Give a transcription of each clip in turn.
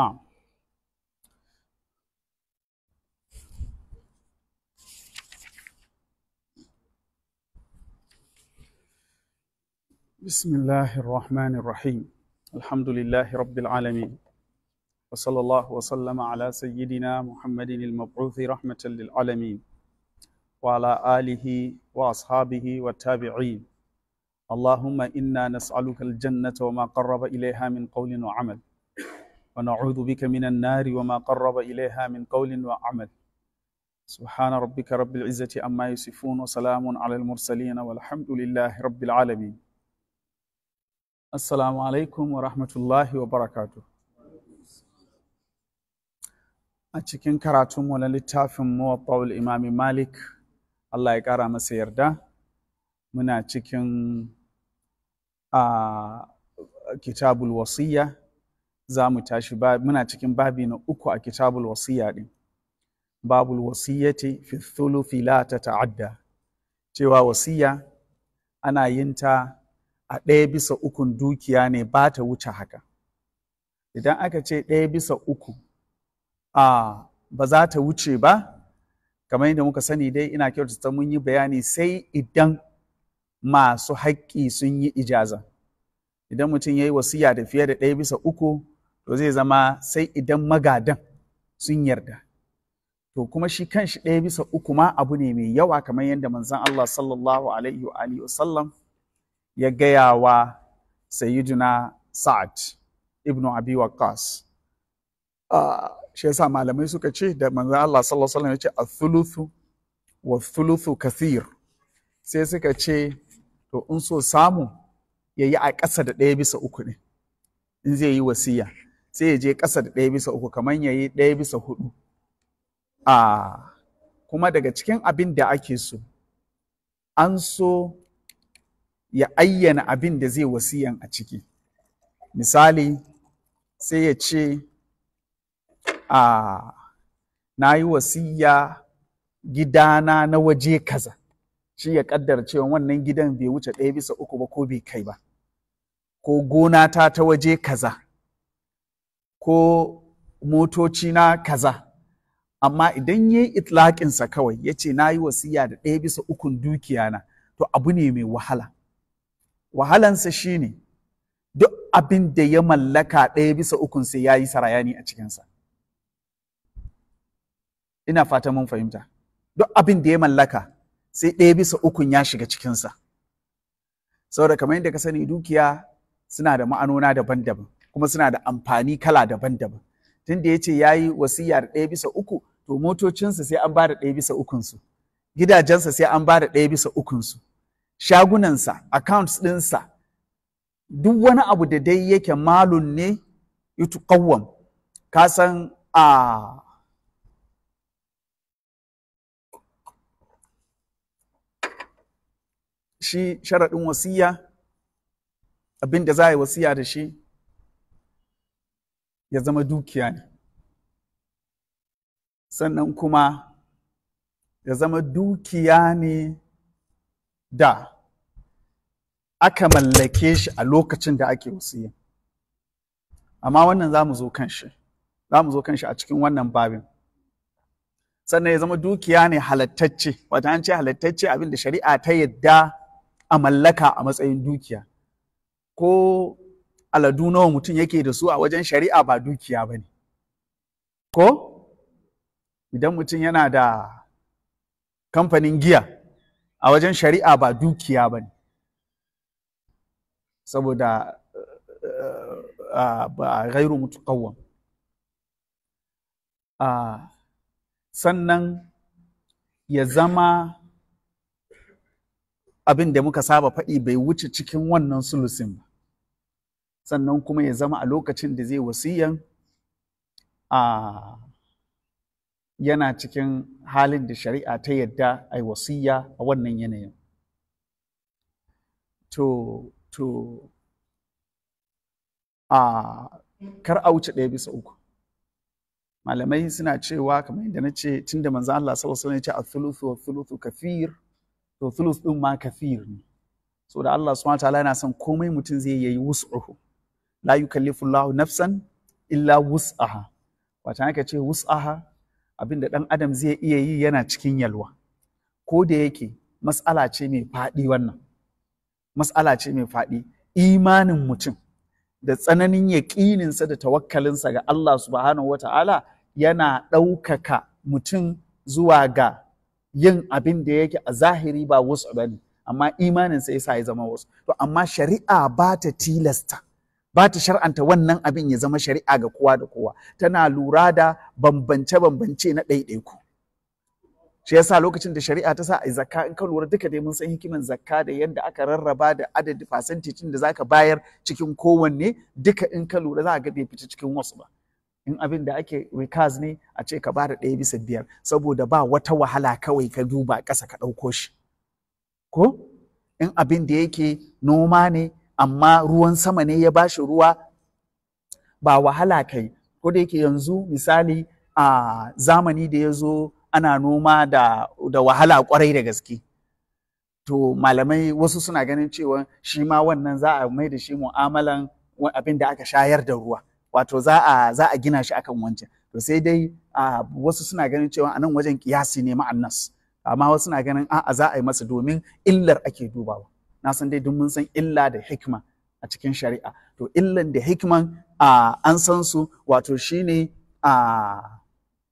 نعم بسم الله الرحمن الرحيم الحمد لله رب العالمين وصلى الله وسلم على سيدنا محمد المبعوث رحمة للعالمين وعلى آله وأصحابه والتابعين اللهم إنا نسألك الجنة وما قرب إليها من قول وعمل ونعوذ بك من النار وما قرب إليها من قول وعمل سبحان ربك رب العزة أما يصفون وسلام على المرسلين والحمد لله رب العالمين السلام عليكم ورحمة الله وبركاته a كراتم karatunmu na littafin muwaffa'ul imami malik allah ya ƙara masa كتاب الوصية za mu tashi muna cikin babi na uku a kitabul wasiya din Babu wasiyyati fi thuluthi la tata'adda cewa wasiya ana yin ta a ɗaya bisa ukun dukiya ne ba ta wuce haka idan aka ce ɗaya bisa uku a ba za ta wuce ba kamar yadda muka sani dai ina kyautata mun yi bayani sai idan masu haƙƙi sun yi ijaza idan mutum ya yi wasiya da fiye da ɗaya bisa uku to zai zama sai idan magadan sun yarda to kuma shi kanshi ɗaya bisa uku ma abu ne mai yawa kamar yadda manzon Allah sallallahu alaihi wa alihi wasallam ya gaya wa sayyiduna Sa'ad ibn Abi Waqqas uh, shi yasa malamai suka ce da manzon Allah sallallahu alaihi ya ce athuluthu wa thuluthu kathir sai suka ce to in so samu yayi a ƙasa da ɗaya bisa uku ne in zai yi wasiya sai ya je ƙasa da ɗaya bisa uku kamar ya yi ɗaya bisa hudu a kuma daga cikin abin da ake so an so ya ayyana abin da zai wasiyan a ciki misali sai ya ce a na yi wasiya gidana na waje kaza shi ya kaddara cewa wannan gidan bai wuce ɗaya bisa uku ba ko bai kai ba ko gona ta ta waje kaza ko motoci na kaza amma idan ya yi itlaƙinsa kawai ya ce na yi wasiya da ɗaya bisa ukun dukiyana to abu ne mai wahala wahalansa shine duk abin da ya mallaka ɗaya bisa ukun sai ya yi sarayani a cikinsa ina fata mun fahimta duk abin da ya mallaka sai ɗaya bisa ukun ya shiga cikinsa saboda kamar yadda ka sani dukiya suna da ma'anona daban-daban kuma suna da amfani kala daban-daban tunda ya ce ya yi wasiya da ɗaya bisa uku to motocinsa sai an ba da ɗaya bisa ukunsu gidajensa sai an ba da ɗaya bisa ukunsu shagunansa accounts ɗinsa duk wani abu da dai yake malun ne yutu kawwam ka san a shi sharaɗin wasiya abin da za a yi wasiya da shi ya zama dukiya ne sannan kuma ya zama dukiya ne da aka mallake shi a lokacin da ake wasiya amma wannan za mu zo kan shi za mu zo kan shi a cikin wannan babin sannan ya zama dukiya ne halattacce wato an ce halattacce abin da shari'a ta yadda a mallaka a matsayin dukiya ko aladu nawa mutum yake da su a wajen shari'a ba dukiya ba ne ko idan mutum yana da kamfanin giya a wajen shari'a ba dukiya ba ne saboda eh, ba gairu mutukawwan ah, sannan ya zama abin da muka saba faɗi bai wuce cikin wannan sulusin ba sannan kuma ya zama a lokacin da zai wasiyan a yana cikin halin da shari'a ta yadda a yi wasiya a wannan yanayin to to a kar a wuce ɗaya bisa uku malamai suna cewa kamar yadda na ce tun tunda manzan Allah sallallahu alaihi wasallam ya ce a wa thuluthu kafir to thuluth din ma kafir ne so da Allah subhanahu taala yana son komai mutum zai yayi wus'uhu la yukallifu Allahu nafsan illa wus'aha wata aka ce wus'aha abinda ɗan adam zai iya yi yana cikin yalwa ko da yake mas'ala ce mai faɗi wannan mas'ala ce mai faɗi imanin mutum da tsananin yaƙininsa da tawakkalinsa ga Allah subhanahu wata'ala yana ɗaukaka mutum zuwa ga yin abin da yake a zahiri ba wasu bane amma imaninsa yasa ya zama wasu to amma shari'a ba ta tilasta ba ta shar'anta wannan abin ya zama shari'a ga kowa da kowa tana lura da bambance-bambance na ɗaiɗaiku shi yasa lokacin da shari'a ta sa a zakka in ka lura duka dai mun san hikimin zakka da yadda aka rarraba da adadin fasanticin da zaka bayar cikin kowanne duka in ka lura za a ga bai fita cikin wasu ba in abin da ake rikaz ne a ce ka bada ɗaya bisa biyar saboda ba wata wahala kawai ka duba ƙasa ka ɗauko shi ko in abin da yake noma ne amma ruwan sama ne ya ba shi ruwa ba wahala kai ko da yake yanzu misali a zamani da ya zo ana noma da, da wahala kwarai da gaske to malamai wasu suna ganin cewa shi ma wannan za a mai da shi mu'amalan abin da aka shayar da ruwa wato za a za a gina shi akan wancan to sai dai wasu suna ganin cewa a nan wajen kiyasi ne ma'annas amma wasu suna ganin a'a za a yi masa domin illar ake dubawa na san dai duk mun san illa da hikima a cikin shari'a to illan da hikman an san su wato shine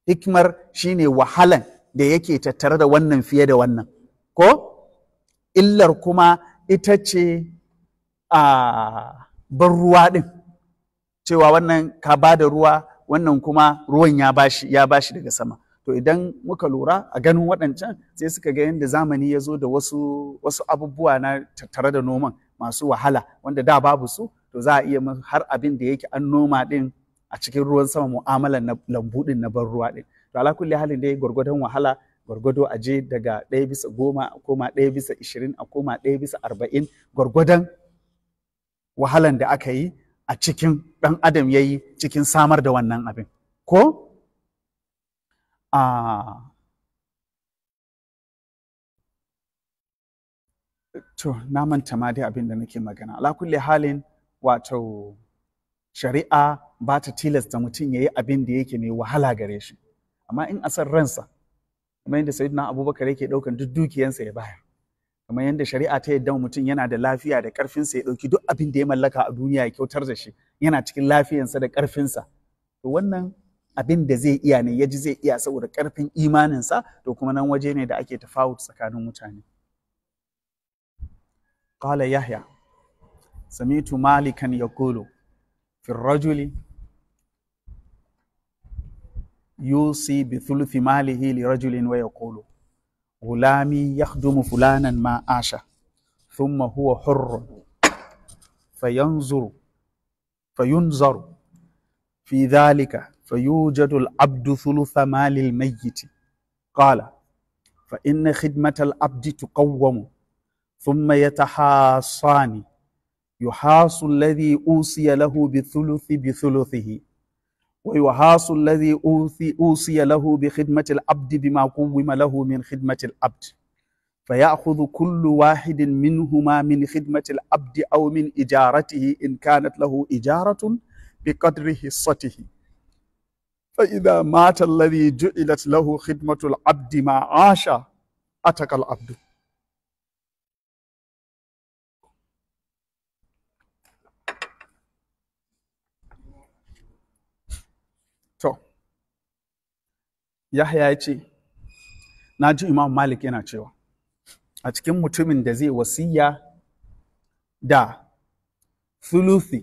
hikmar shine wahalan da yake tattare da wannan fiye da wannan ko illar kuma ita ce ban ruwa din cewa wannan ka ba da ruwa wannan kuma ruwan ya bashi ya bashi daga sama to idan muka lura a ganin waɗancan sai suka ga yadda zamani ya zo da wasu wasu abubuwa na tattare da noman masu wahala wanda da babu su to za a iya har abin da yake an noma din a cikin ruwan sama mu'amalan na lambu din na ban ruwa din to ala kulli halin dai gwargwadon wahala gwargwado a je daga ɗaya bisa goma a koma ɗaya bisa ishirin a koma ɗaya bisa arba'in gwargwadon wahalan da aka yi a cikin ɗan adam yayi cikin samar da wannan abin ko a to na manta ma dai abin da nake magana ala kulli halin wato shari'a ba ta tilasta mutum ya yi abin da yake mai wahala gare shi amma in a san ransa kamar yadda sayyidina abubakar yake ɗaukan duk dukiyansa ya bayar kamar yadda shari'a ta yadda mutum yana da lafiya da ƙarfinsa ya ɗauki duk abin da ya mallaka a duniya ya kyautar da shi yana cikin lafiyansa da ƙarfinsa to wannan abin da zai iya ne ya ji zai iya saboda ƙarfin imaninsa to kuma nan waje ne da ake tafawut tsakanin mutane qala yahya samitu malikan yaqulu fi rajuli yusi bi thuluthi malihi li rajulin wa yaqulu غلامي يخدم فلانا ما عاش ثم هو حر فينظر فينظر Fi ذلك فيوجد العبد ثلث مال الميت قال فإن خدمة العبد تقوم ثم يتحاصان يحاص الذي أوصي له بثلث بثلثه ويحاص الذي أوصي, أوصي له بخدمة العبد بما قوم له من خدمة العبد فيأخذ كل واحد منهما من خدمة العبد أو من إجارته إن كانت له إجارة بقدر حصته فإذا مات الذي جعلت له خدمة العبد ما عاش أتك العبد to Yahya ya ce na ji Imam Malik yana cewa a cikin mutumin da zai wasiya da thuluthi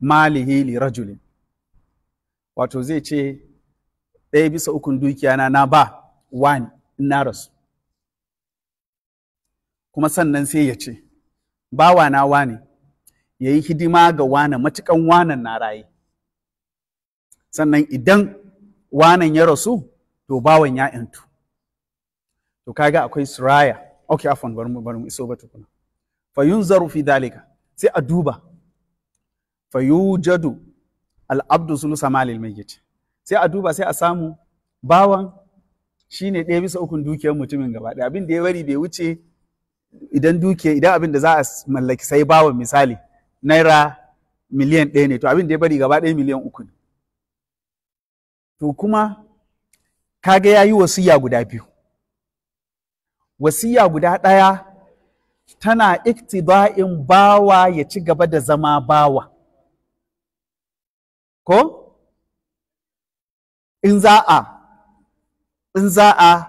malihili rajulin wato zai ce ɗaya bisa ukun dukiyana na ba wani in na rasu kuma sannan sai ya ce bawa na wani ya yi hidima ga wani matukan wanan na raye sannan idan wanan ya rasu to bawan ya yantu to kaga akwai suraya ok afon bar mu iso ba tukuna Fayun yunzaru fi dalika sai a duba Fayu jadu. Al'abdu abdu sulusa malil mayyit sai a duba sai a samu bawan shine ɗaya bisa ukun dukiyar mutumin gaba ɗaya abin da ya bari bai wuce idan dukiya idan abin da za a mallaki sai bawan misali naira miliyan ɗaya ne to abin da ya bari gaba ɗaya miliyan uku ne to kuma kaga ya yi wasiya guda biyu wasiya guda ɗaya tana iktiba'in bawa ya ci gaba da zama bawa ko in za a in za a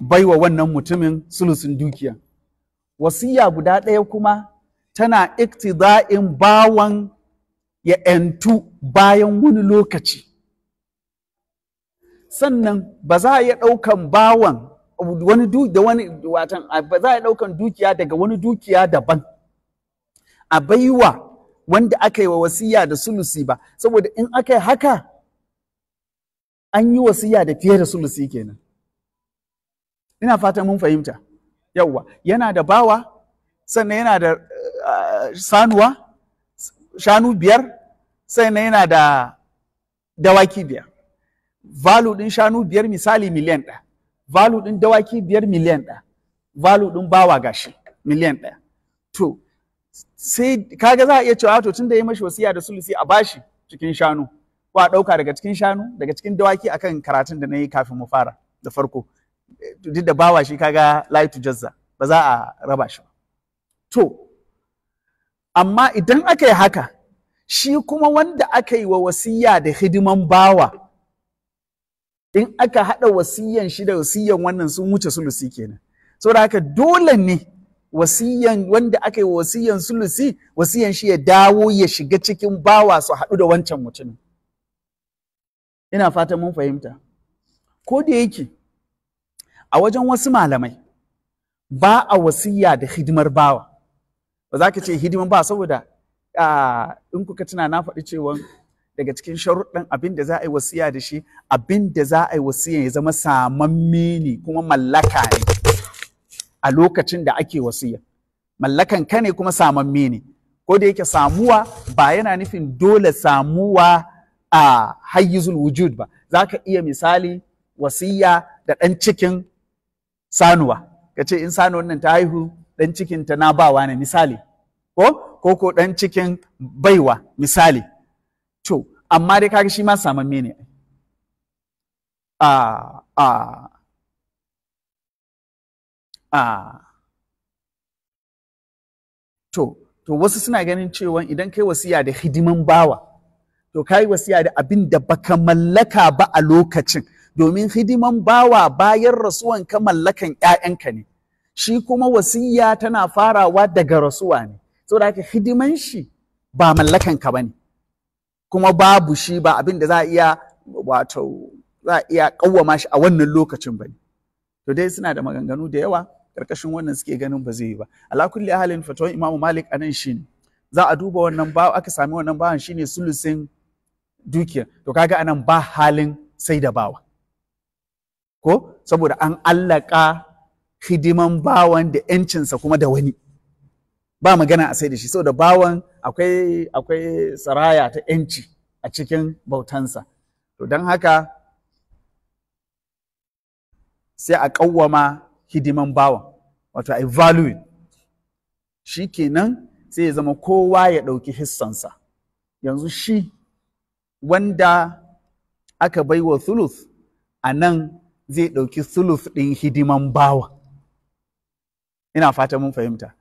baiwa wannan mutumin sulusun dukiya wasiya guda ɗaya kuma tana iktida'in bawan ya ‘yantu bayan wani lokaci sannan ba za a iya ɗaukan bawan wani da wani watan ba za a ɗaukan dukiya daga wani dukiya daban a baiwa wanda aka yi wa wasiya da sulusi ba saboda in aka yi haka an yi wasiya da fiye da sulusi kenan ina fatan mun fahimta yauwa, yana da bawa sannan yana da uh, sanuwa shanu biyar sannan yana da dawaki biyar valu ɗin shanu biyar misali miliyan ɗaya valu ɗin dawaki biyar miliyan ɗaya valu ɗin bawa gashi miliyan ɗaya to sai kaga za a iya cewa to tunda ya mashi wasiya da sulusi a bashi cikin shanu ko a ɗauka daga cikin shanu daga cikin dawaki akan karatun da na yi kafin mu fara da farko duk da bawa shi kaga laitu jazza ba za a raba shi ba to amma idan aka yi haka shi kuma wanda aka yi wa wasiya da hidiman bawa in aka haɗa wasiyan shi da wasiyan wannan sun wuce sulusi kenan saboda haka dole ne wasiyan wanda aka yi wa wasiyan sulusi wasiyan shi ya dawo ya shiga cikin bawa su haɗu da wancan mutumin ina fatan mun fahimta ko da yake a wajen wasu malamai ba a wasiya da hidimar bawa ba za ka ce hidimar ba saboda in kuka tuna na faɗi cewa daga cikin sharuɗin abin da za a yi wasiya da shi abin da za a yi wasiya ya zama samamme ne kuma mallaka ne a lokacin da ake wasiya mallakan ka ne kuma samamme ne ko da yake samuwa ba yana nufin dole samuwa a hayyizul wujud ba za ka iya misali wasiya da ɗan cikin sanuwa ka ce in sanuwar nan ta haihu ɗan cikin ta na bawa ne misali ko ko ko ɗan cikin baiwa misali to amma dai kaga shi ma samamme ne a a a to to wasu suna ganin cewa idan kai wasiya da hidiman bawa to kai wasiya da abin da baka mallaka ba a lokacin domin hidiman bawa bayan rasuwan ka mallakan ƴaƴanka ne shi kuma wasiya tana farawa daga rasuwa ne So da haka hidiman shi ba mallakan ka bane kuma babu shi ba abin da za a iya wato za a iya kawwama shi a wannan lokacin bane to dai suna da maganganu da yawa karkashin wannan suke ganin ba zai yi ba ala kulli halin fatawan imamu malik anan shine za a duba wannan ba aka sami wannan bawan shine sulusin dukiya to kaga anan ba halin sai da bawa ko saboda an allaka hidiman bawan da yancinsa kuma da wani ba magana a sai da shi saboda bawan akwai akwai saraya ta yanci a cikin bautansa to don haka sai a kawwama hidiman bawan wato a value shi kenan sai ya zama kowa ya ɗauki hissansa yanzu shi wanda aka baiwa sulus a nan zai ɗauki sulus ɗin hidiman bawa ina fata mun fahimta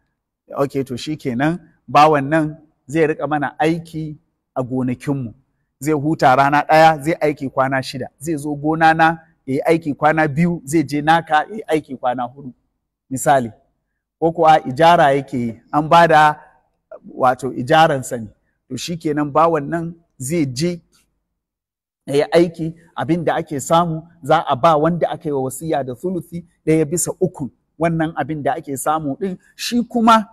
ok to shi kenan bawan nan zai rika mana aiki a gonakinmu zai huta rana ɗaya zai aiki kwana shida zai zo gona na ya yi aiki kwana biyu zai je naka ya yi aiki kwana hudu misali ko kuwa ijara yake yi an ba da wato ijaransa ne to shi kenan bawan nan zai je ya aiki abin da ake samu za a ba wanda aka yi wa wasiya da thuluthi ɗaya bisa uku wannan abin da ake samu ɗin shi kuma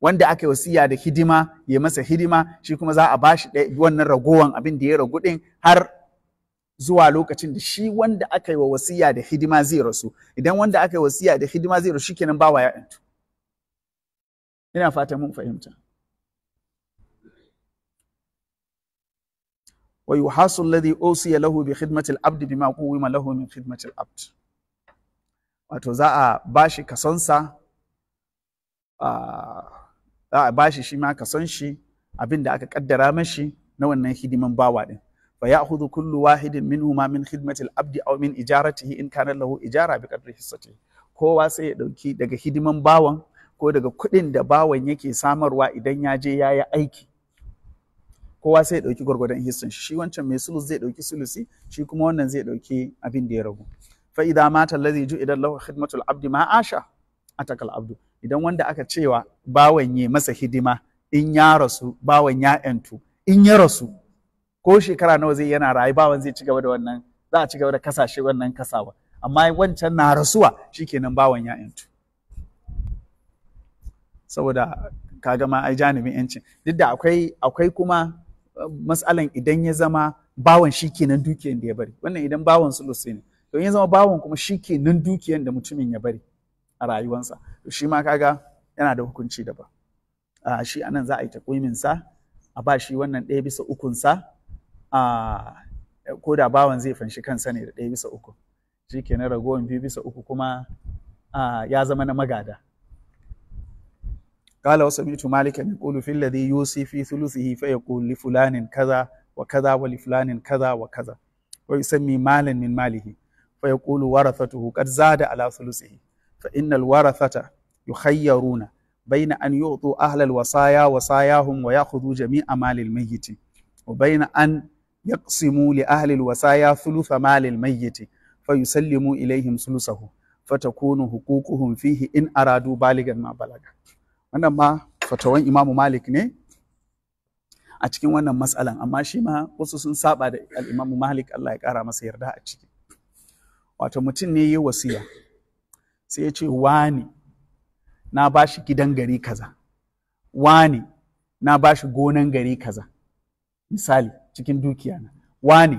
wanda aka yi wasiya da hidima ya masa hidima shi kuma za a ba shi wannan ragowan abin da ya ragu ɗin har zuwa lokacin da shi wanda aka yi wa wasiya da hidima zai rasu idan wanda aka yi wasiya da hidima zai rasu shikenan ba wa ya'yantu ina fata mun fahimta wa الذي alladhi له lahu العبد بما abd bima quwima lahu min wato za a bashi kasonsa za a bashi shi ma kason shi abin aka kaddara mashi na wannan hidiman bawa din fa ya'khudhu kullu wahidin minhuma min al abdi aw min ijaratihi in kana lahu ijara bi qadri hissatihi kowa sai ya dauki daga hidiman bawan ko daga kuɗin da bawan yake samarwa idan yaje je ya aiki kowa sai ya ɗauki gwargwadon hissin shi wancan mai sulus zai ɗauki sulusi shi kuma wannan zai ɗauki abin da ya ragu fa idza mata ju idan lahu khidmatul abdi ma asha atakal abdu idan wanda aka cewa bawan ya masa hidima in ya rasu bawan ya yantu in ya rasu ko shekara nawa zai yana rayu bawan zai ci gaba da wannan za a ci gaba da kasashe wannan kasawa amma wancan na rasuwa shikenan bawan ya yantu saboda kaga ma ai janibin yancin duk da akwai kuma matsalan idan ya zama bawan shi kenan dukiyan da ya bari wannan idan bawan lusi ne to ya zama bawan kuma shi kenan dukiyan da mutumin ya bari a rayuwansa to shi ma kaga yana da hukunci daban a shi anan za a yi takwimin sa a ba shi wannan ɗaya bisa ukun sa a ko da bawan zai fanshi kansa ne da ɗaya bisa uku shi na ragowan biyu bisa uku kuma ya zama na magada قال وسمعت مالكا يقول في الذي يوصي في ثلثه فيقول لفلان كذا وكذا ولفلان كذا وكذا ويسمي مالا من ماله فيقول ورثته قد زاد على ثلثه فإن الورثة يخيرون بين أن يعطوا أهل الوصايا وصاياهم ويأخذوا جميع مال الميت وبين أن يقسموا لأهل الوصايا ثلث مال الميت فيسلموا إليهم ثلثه فتكون حقوقهم فيه إن أرادوا بالغا ما بلغ wannan ma fatawan imamu malik ne a cikin wannan matsalan amma shi ma wasu sun saba da al'imamu malik Allah ya kara masa yarda a ciki wato mutum ne yi wasiya sai ya ce wani na ba shi gidan gari kaza wani na ba shi gonan gari kaza misali cikin dukiya na wani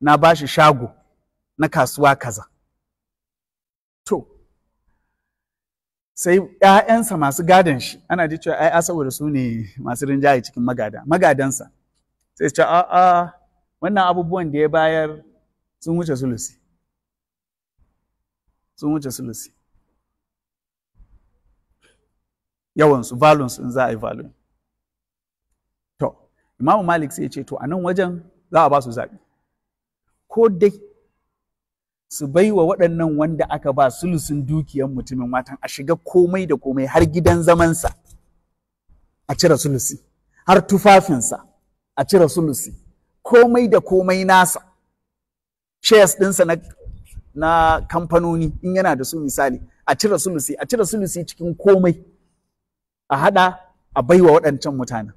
na ba shi shago na kasuwa kaza sai ‘ya'yansa masu gadon shi ana ji cewa ‘ya'ya saboda su ne masu rinjaye cikin magada magadansa sai ce a'a wannan abubuwan da ya bayar sun wuce sulusi sun wuce sulusi yawansu valonsu in za a yi valon. to imamu malik sai ya ce to a nan wajen za a ba su zaɓi ko dai su bai wa waɗannan wanda aka ba sulusun dukiyar mutumin watan a shiga komai da komai har gidan zamansa a cire sulusi har tufafinsa a cire sulusi komai da komai nasa shares ɗinsa na, na kamfanoni in yana da su misali a cire sulusi a cire sulusi cikin komai a haɗa a bai wa waɗancan mutanen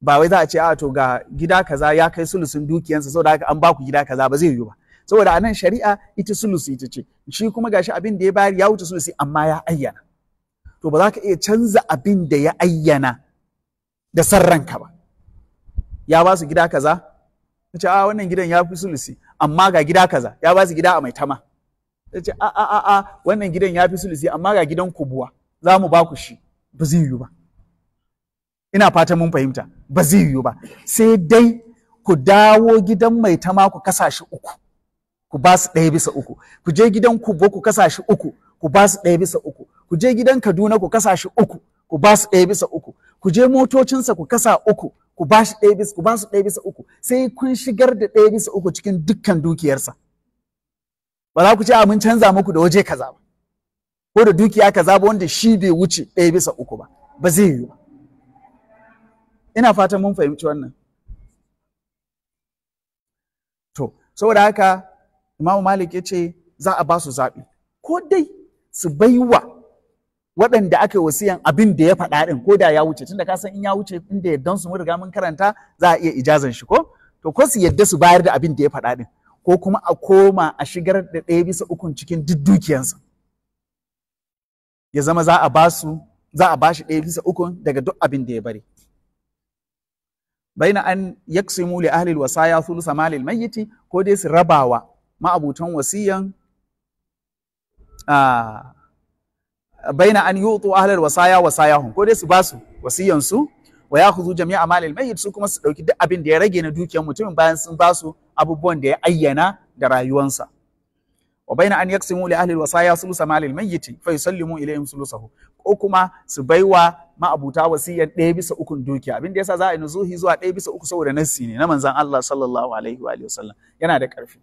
ba wai za a ce a to ga gida kaza ya kai sulusun dukiyansa saboda haka an ba ku gida kaza ba zai yiwu ba saboda anan shari'a ita sulusi ita ce shi kuma gashi abin da ya bayar ya wuce sulusi amma ya ayyana to ba za ka iya canza abin da ya ayyana da san ranka ba ya ba su gida kaza ta ce a ah, wannan gidan ya fi sulusi amma ga gida kaza ya ba su gida a mai tama ta ce a a a a wannan gidan ya fi sulusi amma ga gidan kubuwa za mu ba ku shi ba zai yiwu ba ina fatan mun fahimta ba zai yiwu ba sai dai ku dawo gidan mai tama ku kasa shi uku ku ba su ɗaya bisa uku ku je gidan Kubo ku kasa uku ku ba su ɗaya bisa uku ku je gidan Kaduna ku kasa shi uku ku ba su ɗaya bisa uku ku je motocinsa ku kasa uku ku ba shi ɗaya bisa ku ba su ɗaya bisa uku sai kun shigar da ɗaya bisa uku cikin dukkan dukiyarsa ba za ku ce a canza muku da waje kaza ba ko da dukiya kaza ba wanda shi bai wuce ɗaya bisa uku ba ba zai yiwu ba ina fatan mun fahimci wannan to saboda haka Imam Malik ya ce za a ba su zaɓi ko dai su bai wa waɗanda aka yi wasiyan abin da ya faɗa ɗin ko da ya wuce tunda ka san in ya wuce inda yadda su mun riga mun karanta za a iya ijazan shi ko to ko su yadda su bayar da abin da ya faɗa ɗin ko kuma a koma a shigar da ɗaya bisa ukun cikin dukiyansa ya zama za a ba su za a ba shi ɗaya bisa ukun daga duk abin da ya bari baina an yaksimu li ahli ya thuluth mali almayyit ko dai su rabawa ma'abutan wasiyan baina an yutu ahlal wasaya wasayahum ko dai su basu wasiyan su wa yakhudhu jami'a malil mayyit su kuma su dauki duk abin da ya rage na dukiyar mutumin bayan sun basu abubuwan da ya ayyana da rayuwansa wa baina an yaqsimu li ahli alwasaya sulusa malil mu fa yusallimu ilayhim sulusahu ko kuma su baiwa ma'abuta wasiyan ɗaya bisa ukun dukiya abin da yasa za a yi nuzuhi zuwa ɗaya bisa uku saboda nassi ne na manzon Allah sallallahu alaihi wa sallam yana da ƙarfi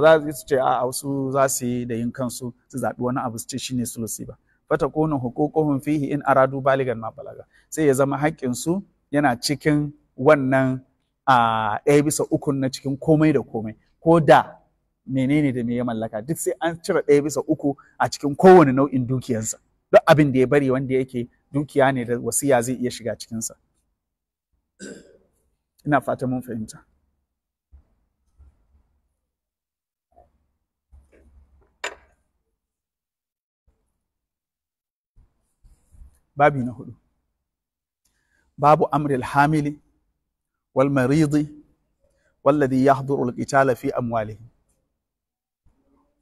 ba za su ce a wasu za su yi da yin kansu su zaɓi wani abu su ce shine sulusi ba fata kunu huququhum fihi in aradu baligan ma balaga sai ya zama haƙƙin su yana cikin wannan a ɗaya bisa uku na cikin komai da komai ko da menene da me ya mallaka duk sai an cire ɗaya bisa uku a cikin kowane nau'in dukiyansa. duk abin da ya bari wanda yake dukiya ne da wasiya zai iya shiga cikinsa ina fata mun fahimta babi na hudu babu amril hamili wal maridi walladhi yahduru al-qitala fi amwalihi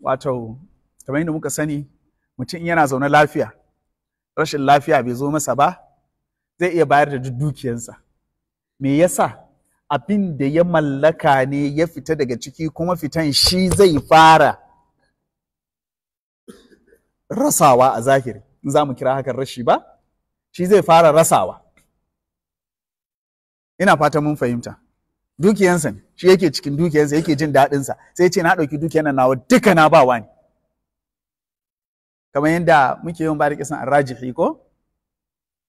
wato kamar yadda muka sani mutum yana zaune lafiya rashin lafiya bai zo masa ba zai iya bayar da dukiyansa me yasa abin da ya mallaka ne ya fita daga ciki kuma fitan shi zai fara rasawa a zahiri in za mu kira hakan rashi ba shi zai fara rasawa ina fata mun fahimta dukiyansa ne shi yake cikin dukiyansa yake jin daɗinsa sai ce na ɗauki dukiyan nan nawa duka na ba wani kamar yadda muke yin bari kisan arrajihi ko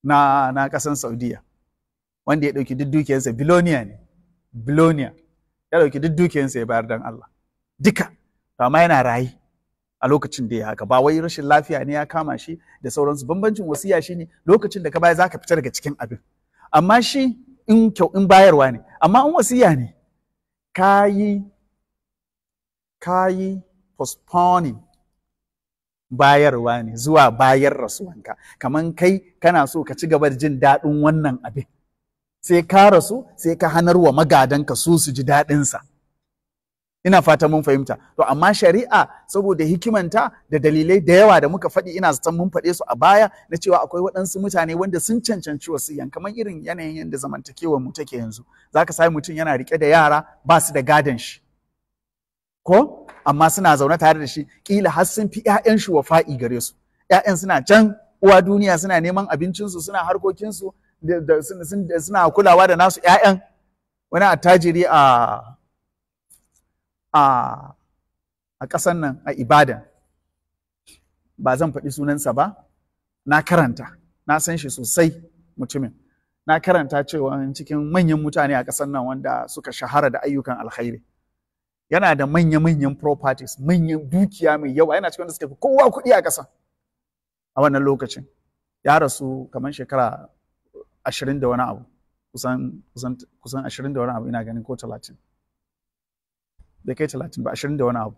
na na ƙasar saudiya wanda ya ɗauki duk dukiyansa biloniya ne biloniya ya ɗauki duk dukiyansa ya bayar don Allah duka to amma yana rayi a lokacin da ya haka ba wai rashin lafiya ne ya kama shi da sauransu bambancin wasiya ne lokacin da ka baya za ka fita daga cikin abin amma shi in kyau in bayarwa ne amma in wasiya ne kayi kayi postponing bayarwa ne zuwa bayar rasuwanka Kamar kai kana so ka ci gaba da jin daɗin wannan abin sai ka rasu sai ka hanarwa magadanka su su ji daɗinsa ina fata mun fahimta to amma shari'a saboda hikimanta da dalilai da yawa da muka faɗi ina zaton mun faɗe su a baya na cewa akwai waɗansu mutane wanda sun cancanci wasu yan kamar irin yanayin yadda zamantakewar mu take yanzu zaka sai mutum yana rike da yara ba su da gadon shi ko amma suna zaune tare da shi kila har sun fi ƴaƴan shi wafa'i gare su ƴaƴan suna can uwa duniya suna neman abincinsu suna harkokinsu suna kulawa da nasu 'ya'yan wani attajiri a a a ƙasan nan a ibadan ba zan faɗi sunansa ba na karanta na san shi sosai mutumin na karanta cewa cikin manyan mutane a ƙasar nan wanda suka shahara da ayyukan alkhairi yana da manya-manyan properties manyan dukiya mai yawa yana cikin wanda suka fi kowa kuɗi a ƙasa a wannan lokacin ya rasu kamar shekara ashirin da wani abu kusan ashirin da wani abu ina ganin ko talatin Dakai kai talatin ba ashirin da wani abu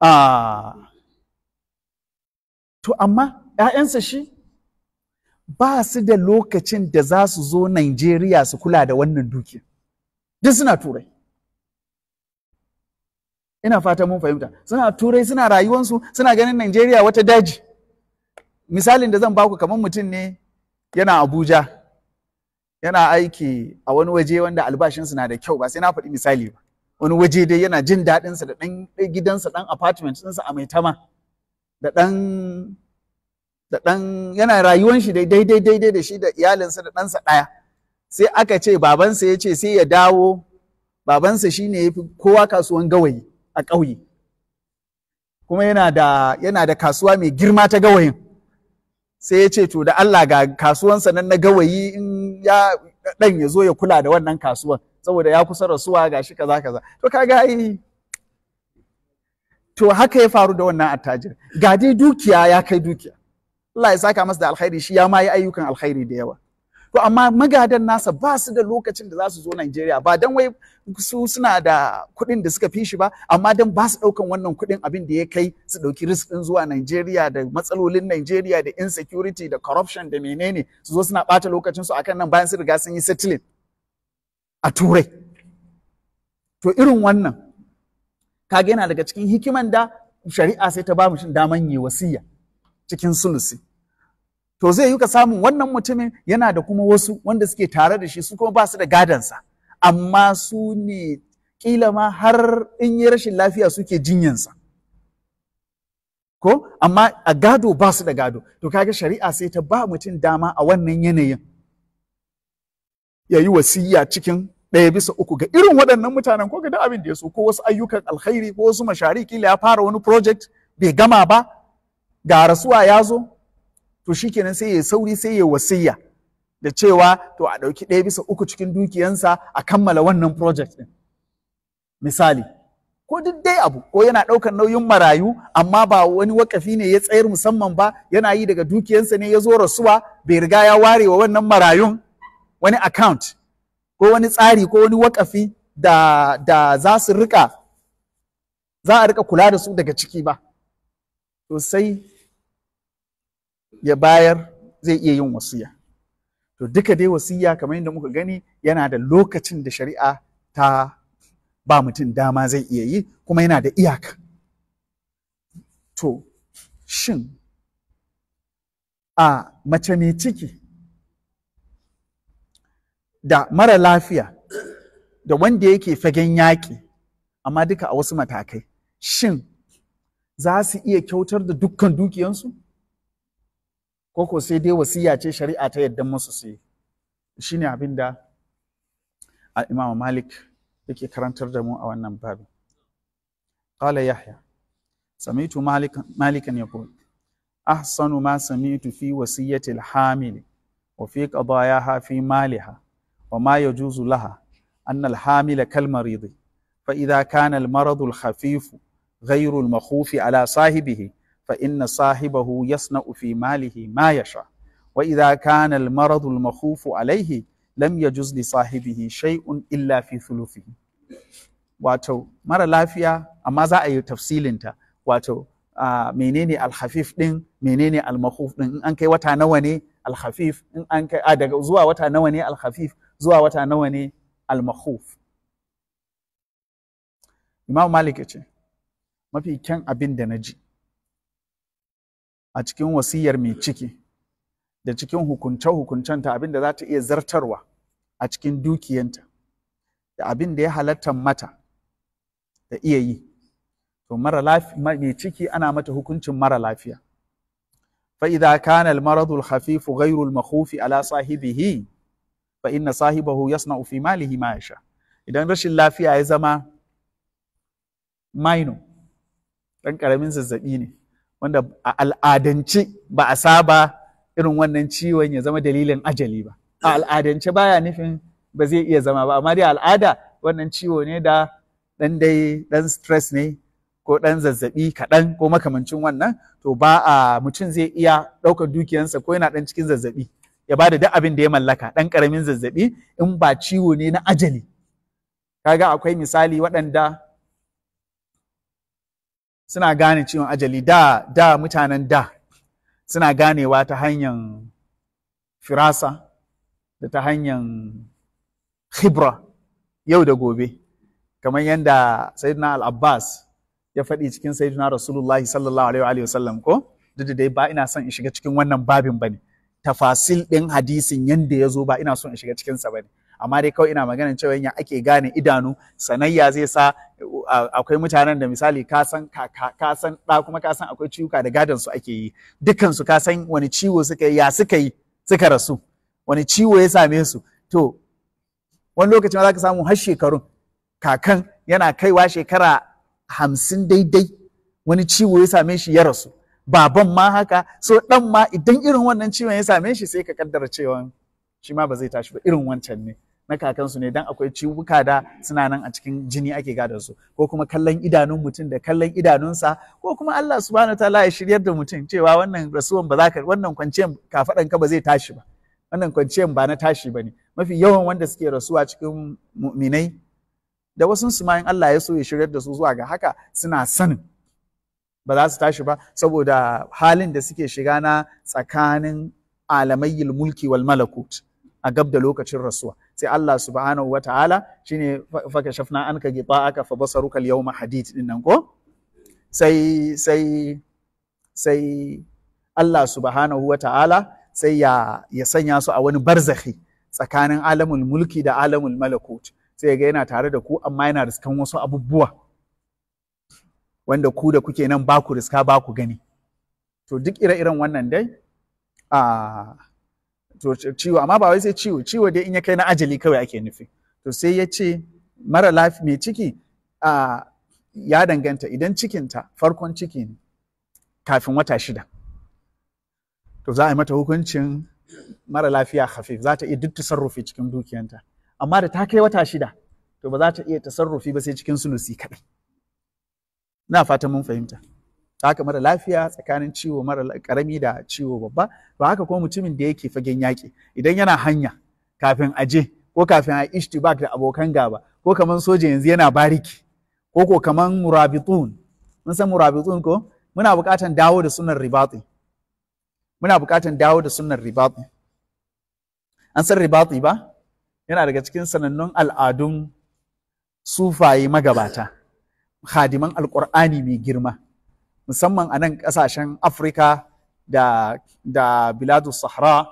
ah, to amma 'ya'yansa shi ba su da lokacin da za su zo Najeriya su kula da wannan dukiya duk suna turai ina fata mun fahimta suna turai suna rayuwansu suna ganin Najeriya wata daji misalin da zan baku kamar mutum ne yana Abuja yana aiki a wani waje wanda albashinsu na da kyau ba sai na faɗi misali ba wani waje dai yana jin daɗinsa da ɗan gidansa ɗan apartment ɗinsa a mai tama da ɗan yana rayuwan shi dai daidai daidai da shi da iyalinsa da ɗansa ɗaya sai aka ce babansa ya ce sai ya dawo babansa shine ya fi kowa kasuwan gawayi a ƙauye kuma yana da yana da kasuwa mai girma ta gawayin sai ya ce to da Allah ga kasuwansa nan na gawayi in ya ɗan ya zo ya kula da wannan kasuwan saboda ya kusa rasuwa gashi kaza kaza to kaga ai to haka ya faru da wannan attajir ga dai dukiya ya kai dukiya Allah ya saka masa da alkhairi shi ya ma yi ayyukan alkhairi da yawa to amma magadan nasa ba su da lokacin da za su zo Najeriya ba dan wai su suna da kuɗin da suka fi shi ba amma dan ba su ɗaukan wannan kuɗin abin da ya kai su ɗauki risk ɗin zuwa Najeriya da matsalolin Najeriya da insecurity da corruption da menene su zo suna ɓata lokacin su akan nan bayan sun riga sun yi settling a turai to irin wannan kaga yana daga cikin hikiman da shari'a sai ta ba mu daman yi wasiya cikin sulusi to zai yi ka samun wannan mutumin yana da kuma wasu wanda suke tare da shi su kuma ba su da gadansa amma su ne kila ma har in yi rashin lafiya suke jinyansa ko amma a gado ba su da gado to kaga shari'a sai ta ba mutum dama a wannan yanayin ya yi wasiya cikin ɗaya bisa uku ga irin waɗannan mutanen ko ga duk abin da ya so ko wasu ayyukan alkhairi ko wasu mashari kila ya fara wani project bai gama ba ga rasuwa ya zo to shikenan sai ya sauri sai ya wasiyya. da cewa to a ɗauki ɗaya bisa uku cikin dukiyansa a kammala wannan project ɗin misali ko duk dai abu ko yana ɗaukar nauyin marayu amma ba wani wakafi ne ya tsayar musamman ba yana yi daga dukiyansa ne ya zo rasuwa bai riga ya ware wa wannan marayun wani account ko wani tsari ko wani wakafi da, da za su rika za a rika kula da su daga ciki ba to sai ya bayar zai iya yin wasiya to duka dai wasiya kamar yadda muka gani yana da lokacin da shari'a ta ba mutum dama zai iya yi kuma yana da iyaka to shin a mace mai ciki da mara lafiya da wanda yake fagen yaƙi amma duka a wasu matakai shin za su iya kyautar da dukkan dukiyansu koko sai dai wasiya ce shari'a ta yadda masu su yi ne abin da a imam malik yake karantar da mu a wannan babu ƙala yahya sami'tu malikan ya kuwa? ahsanu ma sami'tu fi wasiyyati hamili wa fi qadayaha fi maliha wa ma yajuzu laha أن الحامل كالمريض فإذا كان المرض الخفيف غير المخوف على صاحبه فإن صاحبه يصنع في ماله ما يشاء وإذا كان المرض المخوف عليه لم يجوز لصاحبه شيء إلا في ثلثه mara lafiya amma za a yi tafsilinta wato uh, menene alhafif din menene almahuf din in an kai wata nawa ne alhafif in an kai daga zuwa wata nawa ne alhafif zuwa wata nawa ne al-makhuf Imam Malik ce mafi kyan abin da na ji a cikin wasiyar mai ciki da cikin hukunce-hukuncenta abin da za ta iya zartarwa a cikin dukiyanta da abin da ya halatta mata da iya yi to mara mai ciki ana mata hukuncin mara lafiya fa idza kana al maradu al khafif ghayru al makhufi ala sahibihi fa inna sahibahu yasna'u fi malihi ma idan rashin lafiya ya zama maino ɗan ƙaramin zazzaɓi ne wanda a al'adance ba a saba irin wannan ciwon ya zama dalilin ajali ba a al'adance baya nufin ba zai iya zama ba amma dai al'ada wannan ciwo ne da ɗan dai ɗan stress ne ko ɗan zazzaɓi kaɗan ko makamancin wannan to ba a mutum zai iya ɗaukar dukiyarsa ko yana ɗan cikin zazzaɓi ya bada duk abin da ya mallaka ɗan ƙaramin zazzaɓi in ba ciwo ne na ajali kaga akwai misali waɗanda suna gane ciwon ajali da da mutanen da suna ganewa ta hanyar firasa da ta hanyar khibra yau da gobe kamar yadda sayyidina al-abbas ya faɗi cikin sayyidina rasulullahi sallallahu alaihi wa sallam ko duk da dai ba ina son in shiga cikin wannan babin bane tafasil ɗin hadisin yadda ya zo ba ina son in shiga cikin sa bane amma dai kawai ina magana cewa ya ake gane idanu sanayya zai sa akwai mutanen da misali ka san ka san da kuma ka san akwai ciwuka da gadon su ake yi dukkan su ka san wani ciwo suka ya suka yi suka rasu wani ciwo ya same su to wani lokacin za ka samu har shekarun kakan yana kaiwa shekara hamsin daidai wani ciwo ya same shi ya rasu baban ma haka so dan ma idan irin wannan ciwon ya same shi sai ka kaddara cewa shi ma ba zai tashi ba irin wancan ne na kakansu ne dan akwai ciwuka da suna nan a cikin jini ake gadon su ko kuma kallon idanun mutum da kallon idanunsa ko kuma Allah subhanahu Taala ya shiryar da mutum cewa wannan rasuwan ba za ka wannan kwanciyan kafadan ka ba zai tashi ba wannan kwanciyan ba na tashi bane mafi yawan wanda suke rasuwa cikin mu'minai da wasu su ma in Allah ya so ya shiryar da su zuwa ga haka suna sanin ba za su tashi ba saboda halin da suke shiga na tsakanin alamayil mulki wal malakut a gab da lokacin rasuwa sai Allah subhanahu wa ta'ala shine faka shafna an ka giba aka fa basaruka al-yawma hadid din nan ko sai sai sai Allah subhanahu wa ta'ala sai ya ya sanya su a wani barzakhi tsakanin alamul mulki da alamul malakut sai ga yana tare da ku amma yana riskan wasu abubuwa wanda ku da kuke nan ba ku riska ba ku gani to duk ire-iren wannan dai a to ciwo amma ba wai sai ciwo ciwo dai in ya kai na ajali kawai ake nufi to sai ya ce mara lafi mai ciki a ya danganta idan cikinta farkon ciki ne kafin wata shida to za a yi mata hukuncin mara lafiya hafif za ta iya duk tasarrufi cikin dukiyanta amma da ta kai wata shida to ba za ta iya tasarrufi ba sai cikin sulusi kaɗai ina fatan mun fahimta haka mara lafiya tsakanin ciwo mara karami da ciwo babba ba haka kuma mutumin da yake fagen yaƙi idan yana hanya kafin aje ko kafin a ba da abokan gaba ko kaman soja yanzu yana bariki ko ko kaman murabitun mun san murabitun ko muna buƙatar dawo da sunan ribati muna buƙatan dawo da sunan ribati an san ribati ba yana daga cikin sanannun al'adun sufaye magabata hadiman alkur'ani mai girma musamman a nan ƙasashen afirka da, da biladu sahara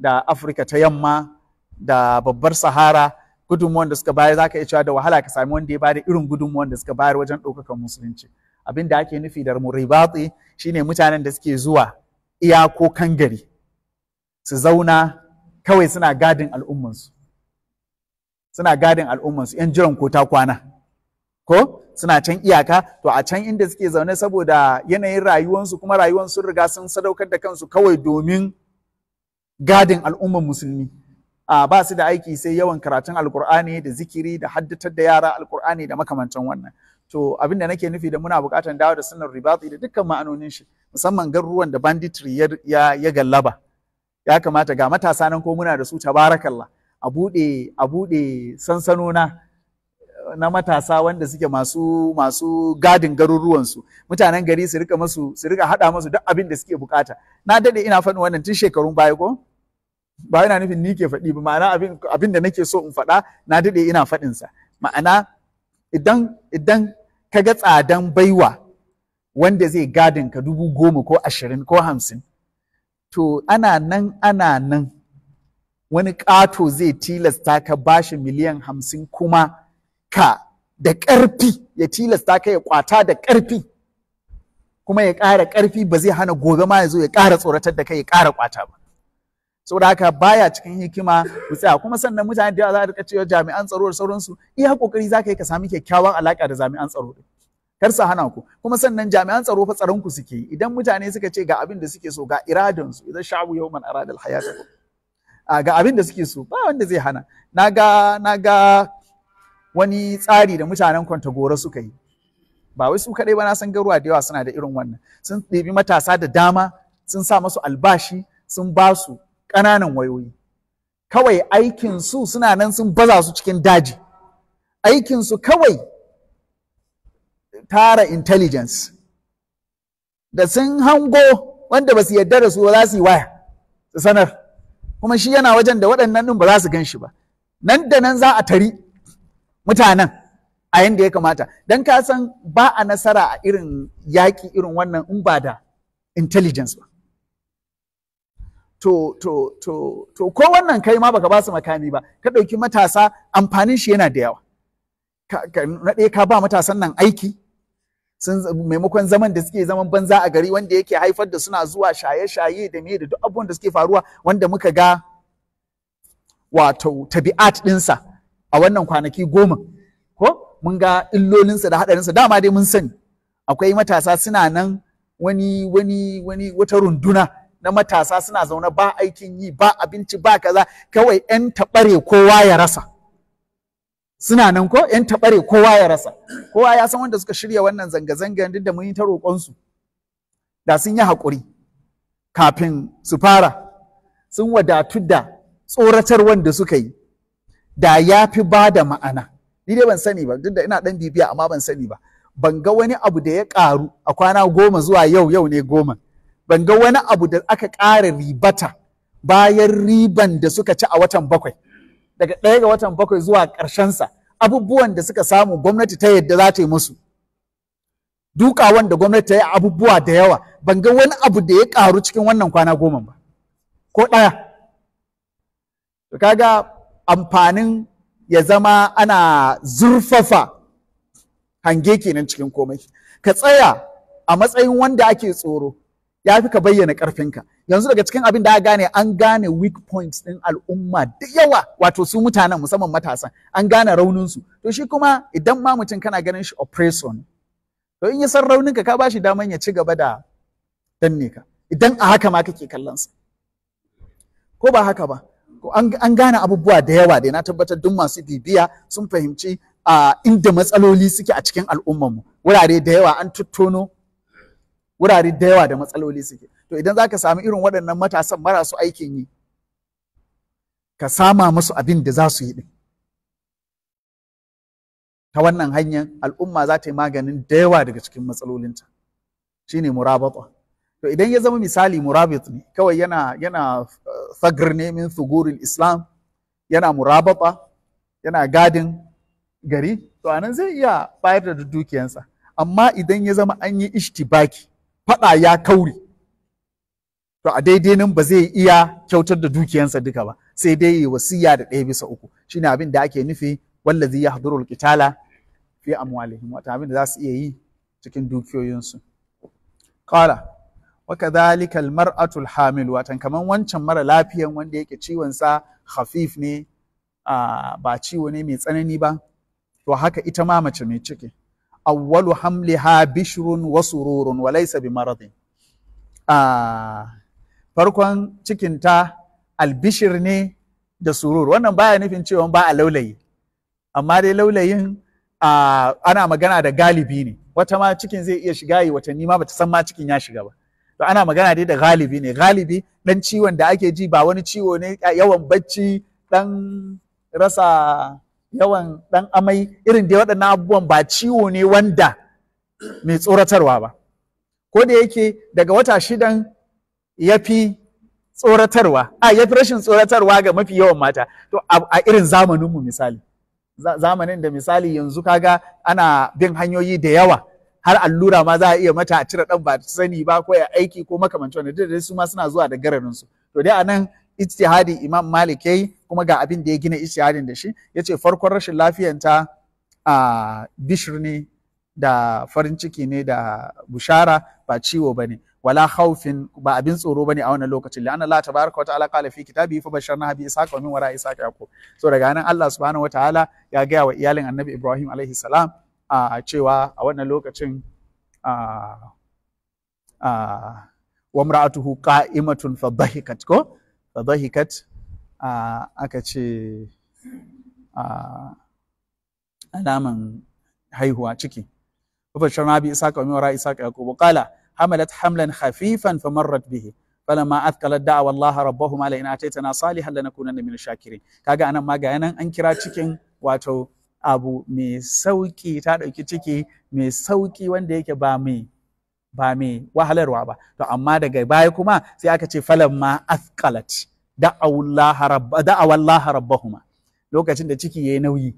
da afirka ta yamma da babbar sahara gudunmuwan da suka bayar za ka iya cewa da wahala ka sami wanda ya bada irin gudunmuwan da suka bayar wajen ɗaukakan musulunci abin da ake nufi da muribatsi shine mutanen da suke zuwa iyakokan gari su zauna kawai suna gadin al'ummansu suna gadin al'ummansu yan jiran ko ta kwana ko suna can iyaka to a can inda suke zaune saboda yanayin rayuwansu kuma rayuwan sun riga sun sadaukar da kansu kawai domin gadin al'ummar musulmi a ba su da aiki sai yawan karatun alkur'ani da zikiri da haddatar da yara alkur'ani da makamantan wannan to abin da nake nufi da muna buƙatar dawo da sunan ribati da dukkan ma'anonin shi musamman garuruwan da banditri ya, ya, gallaba ya kamata ga matasa nan ko muna da su tabarakallah a bude a buɗe sansanona na matasa wanda suke masu masu gadin garuruwansu mutanen gari su rika masu su rika hada masu duk abin da suke bukata na dade ina faɗin wannan tun shekarun baya ko ba yana nufin ni ke faɗi ba ma'ana abin abin da nake so in faɗa na dade ina faɗin sa ma'ana idan idan ka ga tsadan baiwa wanda zai gadin ka dubu goma ko ashirin ko hamsin to ana nan ana nan wani ƙato zai tilasta ka bashi miliyan hamsin kuma ka da ƙarfi ya tilasta ka ya kwata da ƙarfi kuma ya ƙara ƙarfi ba zai hana gobe ma ya zo ya ƙara tsoratar da kai ya ƙara kwata ba saboda haka baya cikin hikima ku tsaya kuma sannan mutane da za a rika cewa jami'an tsaro da sauransu iya kokari za ka yi ka sami kyakkyawan alaka da jami'an tsaro kar su hana ku kuma sannan jami'an tsaro fa tsaron ku suke idan mutane suka ce ga abin da suke so ga iradan su idan sha'abu yawman aradal hayatakum ga abin da suke so ba wanda zai hana naga naga wani tsari da mutanen kwanta goro suka yi ba wai su kadai ba na san garuwa da yawa suna da irin wannan sun ɗebi matasa da dama sun sa masu albashi sun ba su ƙananan wayoyi kawai aikin su suna nan sun baza su cikin daji aikin su kawai tara intelligence da sun hango wanda ba su yarda da su ba za su yi waya su sanar kuma shi yana wajen da waɗannan ɗin ba za su gan shi ba nan da nan za a tari mutanen a yanda ya kamata don ka san ba a nasara a irin yaƙi irin wannan in ba da intelligence ba to to to to ko wannan kai ma baka ba su makami ba ka ɗauki matasa amfanin shi yana da yawa na ɗaya ka ba matasan nan aiki sun maimakon zaman da suke zaman banza a gari wanda yake haifar da suna zuwa shaye-shaye da me da duk abubuwan da suke faruwa wanda muka ga wato tabi'at ɗinsa a wannan kwanaki goma ko mun ga illolinsa da haɗarinsa dama dai mun sani akwai matasa suna nan wani wani wani wata runduna na matasa suna zaune ba aikin yi ba abinci ba kaza kawai yan taɓare kowa ya rasa suna nan ko yan taɓare kowa ya rasa kowa ya san wanda suka shirya wannan zanga-zangar duk da mun yi ta roƙonsu da sun yi haƙuri kafin su fara sun wadatu da tsoratar wanda suka yi da ya fi ba da ma'ana ni dai ban sani ba duk da ina ɗan bibiya amma ban sani ba ban ga wani abu da ya ƙaru a kwana goma zuwa yau yau ne goma ban ga wani abu da aka ƙara ribata bayan riban da suka ci a watan bakwai daga ɗaya ga watan bakwai zuwa sa, abubuwan da suka samu gwamnati ta yadda za ta yi musu dukawan da gwamnati ta yi abubuwa da yawa ban ga wani abu da ya ƙaru cikin wannan kwana goma ba ko ɗaya to kaga amfanin ya zama ana zurfafa hange kenan cikin komai ka tsaya a matsayin wanda ake tsoro ya fi ka bayyana ƙarfinka yanzu daga cikin abin da aka gane an gane weak points ɗin al'umma da yawa wato su mutanen musamman matasan an gane rauninsu to shi kuma idan ma mutum kana ganin shi ne to in ya san rauninka ka bashi daman ya ci gaba da danne ka idan a haka ma kake kallon sa ko ba haka ba an gane abubuwa da yawa da na tabbatar duk masu bibiya sun fahimci a inda matsaloli suke a cikin al'ummarmu wurare da yawa an tuttono wurare da yawa da matsaloli suke to idan za ka sami irin waɗannan matasan marasu aikin yi ka sama musu abin da za su yi ɗin ta wannan hanyar al'umma za ta yi maganin da yawa daga cikin matsalolinta shine murabata to idan ya zama misali murabit ne kawai yana yana sagr eh, ne min thuguril islam yana murabata yana gadin gari to anan zai iya bayar da dukiyansa amma idan ya zama an yi ishtibaki fada ya kauri to a daidai nan ba zai iya kyautar da dukiyansa duka ba sai dai yi wasiya da ɗaya bisa uku shine abin da ake nufi wallazi yahdurul qitala fi amwalihim wata abin da za su iya yi cikin dukiyoyinsu qala wa kadhalika almar'atul hamil watan kaman wancan mara lafiyan wanda yake ciwon sa khafif ne ba ciwo ne mai tsanani ba to haka ita ma mace mai ciki awwalu hamliha bishrun wa sururun wa laysa bi maradin farkon cikinta albishir ne da surur wannan baya nufin cewa ba a laulayi amma dai laulayin ana magana da galibi ne wata ma cikin zai iya shiga yi watanni ma bata san ma cikin ya shiga ba to ana magana dai da galibi ne galibi dan ciwon da ake ji ba wani ciwo ne yawan bacci dan rasa yawan dan amai irin dai waɗannan abubuwan ba ciwo ne wanda mai tsoratarwa ba ko da yake daga wata shidan ya fi tsoratarwa a ya fi rashin tsoratarwa ga mafi yawan mata to a irin zamaninmu misali zamanin da misali yanzu kaga ana bin hanyoyi da yawa har allura ma za a iya mata a cire dan ba sani ba ko ya aiki ko makamancin wannan duk su ma suna zuwa da gararin su to dai anan ijtihadi imam malik yayi kuma ga abin da ya gina ijtihadin da shi yace farkon rashin lafiyanta a bishir ne da farin ciki ne da bushara ba ciwo bane wala khawfin ba abin tsoro bane a wannan lokacin la Allah tabaraka wa ta'ala qala fi kitabi fa basharna bi ishaqa min wara ishaqa yaqub so daga nan Allah subhanahu wa ta'ala ya ga wa iyalin annabi Ibrahim alaihi salam a cewa a wannan lokacin wa mra'atuhu qa'imatun fa dhahikat ko fa dhahikat aka ce alaman haihuwa ciki fa sharra bi isaka wa mura isaka yaqub qala hamalat hamlan khafifan fa marrat bihi فلما اثقلت دعوا الله ربهما لئن اتيتنا صالحا لنكونن من الشاكرين كاجا انا ما ga yanan an kira cikin wato abu mai sauki ta ɗauki ciki mai sauki wanda yake ba mai ba mai wahalarwa ba to amma daga baya kuma sai aka ce ma athqalat da'awallaha rabbahuma lokacin da ciki yayi nauyi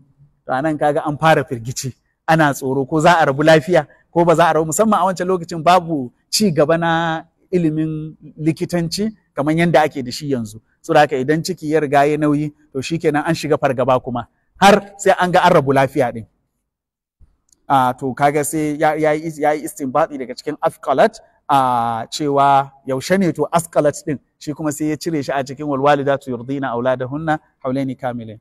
to anan kaga an fara firgici ana tsoro ko za a rabu lafiya ko ba za a rabu musamman a wancan lokacin babu ci gaba na ilimin likitanci kamar yadda ake da shi yanzu saboda haka idan ciki ya riga ya nauyi to shikenan an shiga fargaba kuma har sai an ga an rabu lafiya din a to kaga sai ya yi istinbati daga cikin askalat a cewa yaushe ne to askalat din shi kuma sai ya cire shi a cikin walwalidatu yurdina auladahunna haulaini kamilin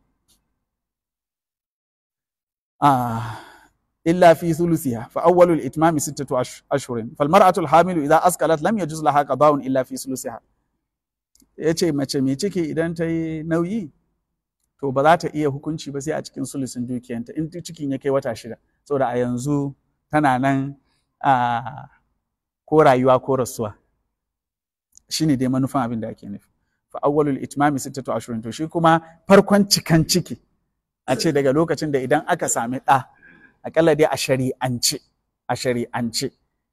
إلا في ثلثها فأول الإتمام ستة أشهر فالمرأة الحامل إذا أسكلت لم يجوز لها قضاء إلا في ثلثها yace mace mai ciki idan ta yi nauyi to ba za ta iya hukunci ba sai a cikin sulusin dukiyanta in cikin ya kai wata shida saboda a yanzu tana nan a ko rayuwa ko rasuwa shine dai manufan abin da ake nufi fa awwalul itmami sittatu ashirin to shi kuma farkon cikan ciki a ce daga lokacin da idan aka sami ɗa akalla dai a shari'ance a shari'ance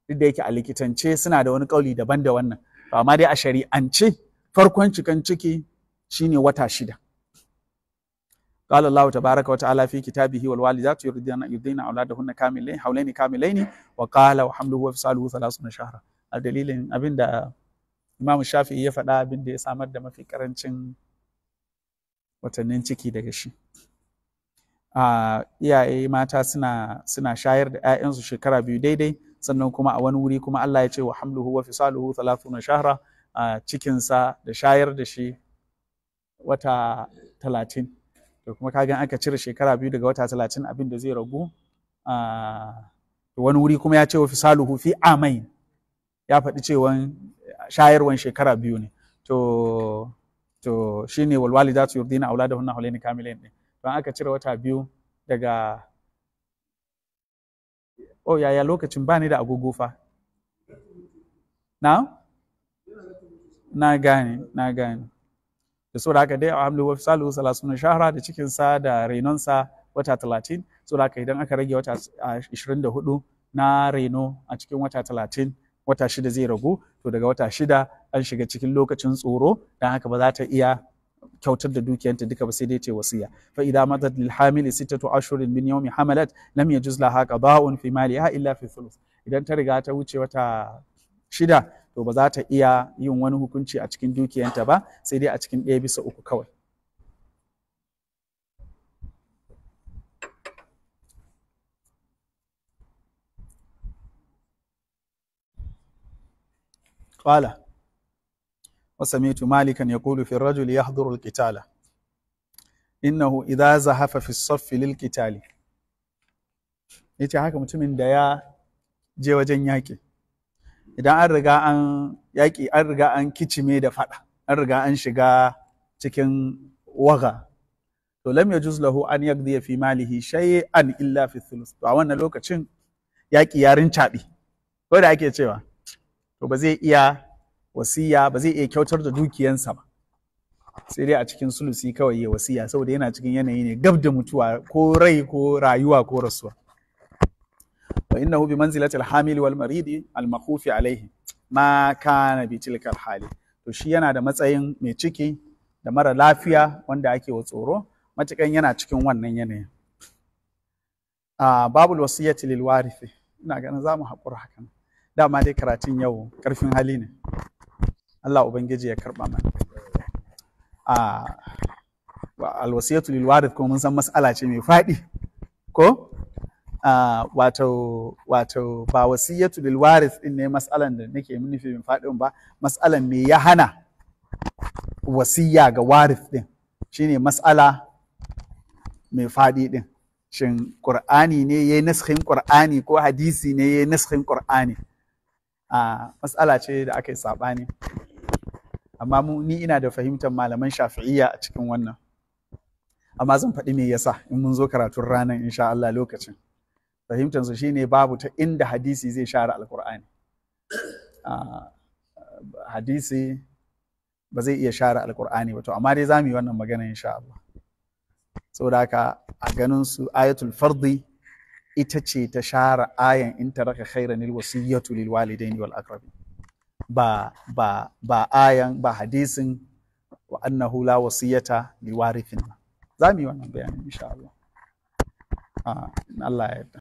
duk da yake a likitance suna da wani kauli daban da wannan amma dai a shari'ance farkon cikan ciki shine wata shida قال الله تبارك وتعالى في كتابه والوالدات يريدن يرضين اولادهن كاملين حولين كاملين وقال وحمله وفصاله 30 شهرا الدليل ابين ده Imam Shafi'i ya faɗa abin ya samar da mafi karancin watannin ciki daga shi. Iyaye mata suna suna shayar da 'ya'yansu shekara biyu daidai sannan kuma a wani wuri kuma Allah ya ce wa hamluhu wa fisaluhu thalathuna shahra cikinsa da shayar da shi wata talatin. to kuma kagan aka cire shekara biyu daga wata talatin abin da zai ragu ah, wani wuri kuma ya ce wa fisaluhu fi amai ya faɗi cewan shayarwan shekara biyu ne to to shine walwalidatu yurdina auladahunna hawlaini ne, to an aka cire wata biyu daga oh yaya lokacin ba da agogo fa na na gane na gane da saboda haka dai a hamlu wa fisalu na shahara da cikinsa da sa wata talatin saboda haka idan aka rage wata ashirin da hudu na reno a cikin wata talatin wata shida zai ragu to daga wata shida an shiga cikin lokacin tsoro Dan haka ba za ta iya kyautar da dukiyanta duka ba sai dai ce wasiya fa idza matat lil hamili sittatu ashhurin min yawmi hamalat lam yajuz laha qada'un fi maliha illa fi thuluth idan ta riga ta wuce wata shida to ba za ta iya yin wani hukunci a cikin dukiyanta ba sai dai a cikin ɗaya bisa uku kawai قال وسمعت ya يقول في الرجل يحضر القتال إنه إذا hafa في الصف للقتال yace haka mutumin da ya je wajen yaƙi idan an riga an yaƙi an riga an kicime da faɗa an riga an shiga cikin waga to lam yajuz lahu an yaqdi fi malihi shay'an illa fi thuluth to a wannan lokacin yaƙi yarin caɓi ko da ake cewa to ba zai iya wasiya ba zai iya kyautar da dukiyansa ba sai dai a cikin sulusi kawai ya wasiya saboda yana cikin yanayi ne gab da mutuwa ko rai ko rayuwa ko rasuwa wa innahu bi manzilati al-hamil wal maridi al-makhufi alaihi ma kana bi tilka hali to shi yana da matsayin mai ciki da mara lafiya wanda ake wa tsoro matukan yana cikin wannan yanayin a babul wasiyati lil warithi ina ganin za mu haƙura hakan dama dai karatun yau ƙarfin hali ne Allah ubangiji ya karɓa mana a alwasiyatu lil warith kuma mun san mas'ala ce mai faɗi ko Ah, wato wato ba wasiyatu lil waris din ne mas'alan da nake nufi min faɗin ba mas'alan me ya hana wasiya ga waris din shine mas'ala mai faɗi din shin qur'ani ne yayi naskhin qur'ani ko hadisi ne yayi naskhin qur'ani a ah, mas'ala ce da aka yi sabani amma mu ni ina da fahimtar malaman shafi'iyya a cikin wannan amma zan faɗi me yasa in mun zo karatun ranar insha Allah lokacin fahimtansu shine babu ta inda hadisi zai share alkur'ani ah, hadisi ba zai iya share alkur'ani ba to amma dai za mu yi wannan magana insha Allah saboda haka a ganin su ayatul fardi ita ce ta share ayan in taraka khairan lil wasiyatu lil walidaini wal aqrabin ba ba ba ayan ba hadisin wa annahu la wasiyata li warithin za mu yi wannan bayanin insha Allah ah, Allah ya yarda